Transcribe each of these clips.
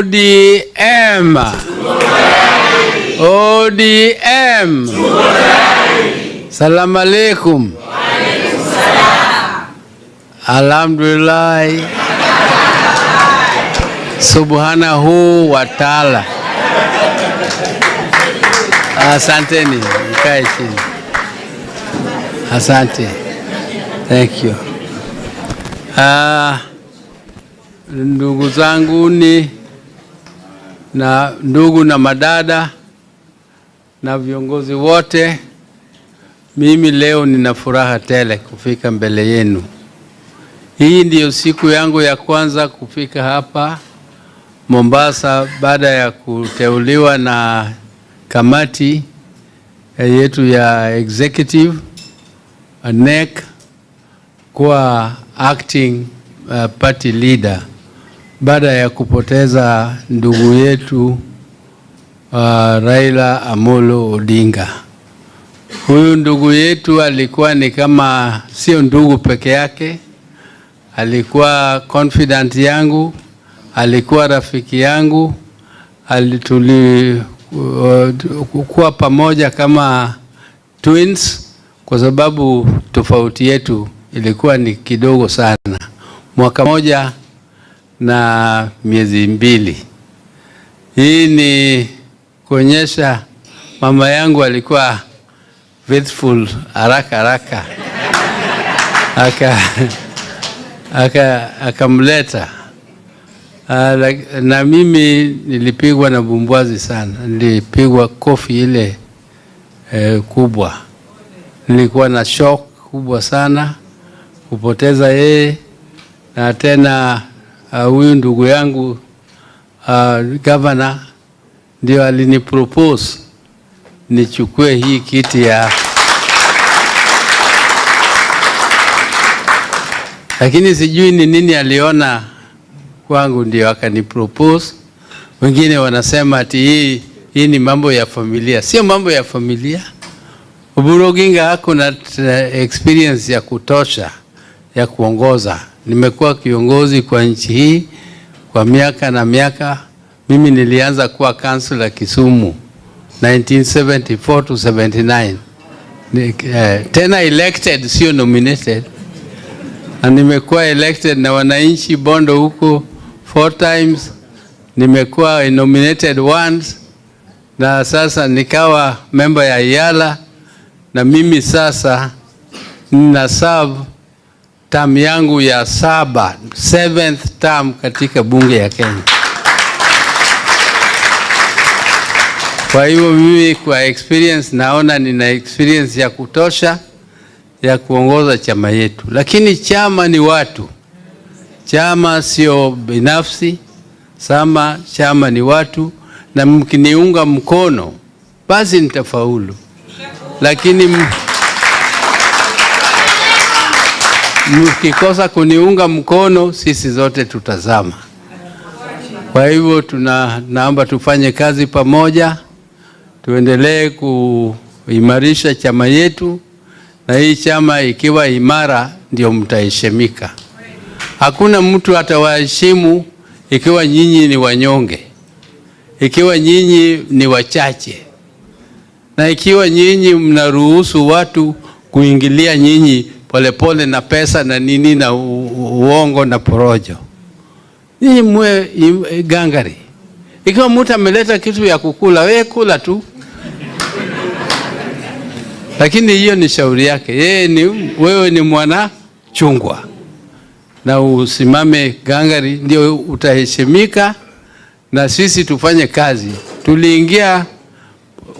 ODM. ODM. Salamu alaikum. Alhamdulillah. Subhanahu wa taala. Asanteni, mkae chini. Asante. Thank you. Ah, ndugu zangu ni na ndugu na madada na viongozi wote, mimi leo nina furaha tele kufika mbele yenu. Hii ndiyo siku yangu ya kwanza kufika hapa Mombasa baada ya kuteuliwa na kamati eh, yetu ya executive NEC kuwa acting uh, party leader baada ya kupoteza ndugu yetu uh, Raila Amolo Odinga. Huyu ndugu yetu alikuwa ni kama sio ndugu peke yake, alikuwa confidant yangu, alikuwa rafiki yangu, tulikuwa uh, pamoja kama twins, kwa sababu tofauti yetu ilikuwa ni kidogo sana, mwaka moja na miezi mbili. Hii ni kuonyesha mama yangu alikuwa faithful haraka haraka akamleta aka, akamleta ah, na mimi nilipigwa na bumbwazi sana, nilipigwa kofi ile eh, kubwa. Nilikuwa na shock kubwa sana kupoteza yeye na tena Ah, huyu uh, ndugu yangu uh, gavana ndio alinipropose nichukue hii kiti ya lakini sijui ni nini aliona kwangu ndio akanipropose. Wengine wanasema ati hii hii ni mambo ya familia. Sio mambo ya familia. Oburu Oginga hakuna eh, experience ya kutosha ya kuongoza. Nimekuwa kiongozi kwa nchi hii kwa miaka na miaka. Mimi nilianza kuwa kansula Kisumu 1974 to 79 uh, eh, tena elected, sio nominated, na nimekuwa elected na wananchi Bondo huko four times, nimekuwa nominated once na sasa nikawa member ya IALA na mimi sasa nina serve tam yangu ya saba, seventh term katika bunge ya Kenya. Kwa hivyo mimi kwa experience naona nina experience ya kutosha ya kuongoza chama yetu, lakini chama ni watu, chama sio binafsi sama, chama ni watu, na mkiniunga mkono basi nitafaulu, lakini mkikosa kuniunga mkono, sisi zote tutazama. Kwa hivyo tuna naomba tufanye kazi pamoja, tuendelee kuimarisha chama yetu, na hii chama ikiwa imara ndio mtaheshimika. Hakuna mtu atawaheshimu ikiwa nyinyi ni wanyonge, ikiwa nyinyi ni wachache, na ikiwa nyinyi mnaruhusu watu kuingilia nyinyi polepole na pesa na nini na uongo na porojo. Nyinyi mwe gangari. Ikiwa mtu ameleta kitu ya kukula, we kula tu lakini hiyo ni shauri yake yeye. Ni wewe ni mwana chungwa na usimame gangari, ndio utaheshimika na sisi tufanye kazi. Tuliingia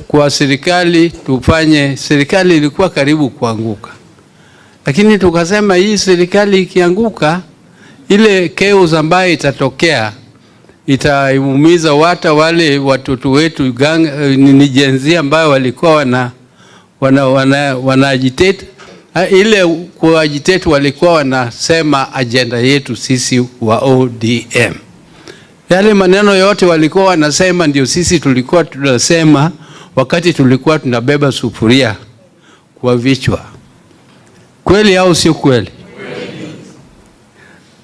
kwa serikali tufanye, serikali ilikuwa karibu kuanguka. Lakini tukasema hii serikali ikianguka, ile chaos ambayo itatokea itaumiza wata wale watoto wetu eh, ni jenzi ambayo walikuwa wana wana wana, wana agitate ah, ile kuagitate, walikuwa wanasema ajenda yetu sisi wa ODM, yale maneno yote walikuwa wanasema ndio sisi tulikuwa tunasema wakati tulikuwa tunabeba sufuria kwa vichwa. Kweli au sio kweli?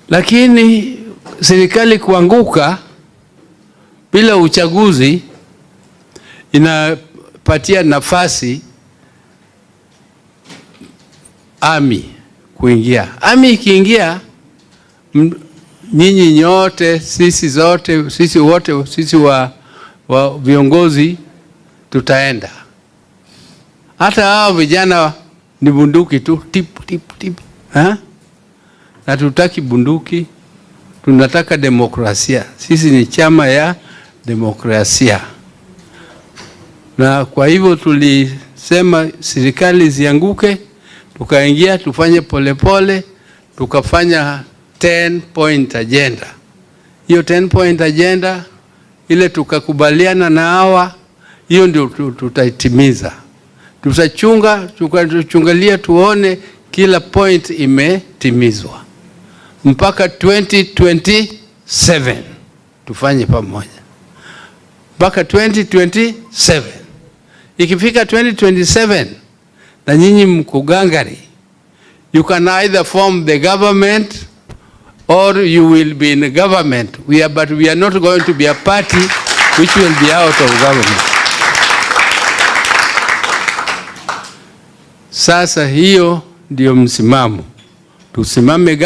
Lakini serikali kuanguka bila uchaguzi inapatia nafasi ami kuingia. Ami ikiingia, nyinyi nyote, sisi zote, sisi wote, sisi wa, wa viongozi tutaenda, hata hao vijana ni bunduki tu tip, tip, tip. Ha? tutaki bunduki, tunataka demokrasia. Sisi ni chama ya demokrasia, na kwa hivyo tulisema serikali zianguke, tukaingia tufanye polepole, tukafanya 10 point agenda. Hiyo 10 point agenda ile tukakubaliana na hawa, hiyo ndio tutaitimiza tutachunga tuchungalia, tuone kila point imetimizwa mpaka 2027 tufanye pamoja mpaka 2027. Ikifika 2027 na nyinyi mkugangari, you can either form the government or you will be in government. We are, but we are not going to be a party which will be out of government. Sasa hiyo ndiyo msimamo, tusimame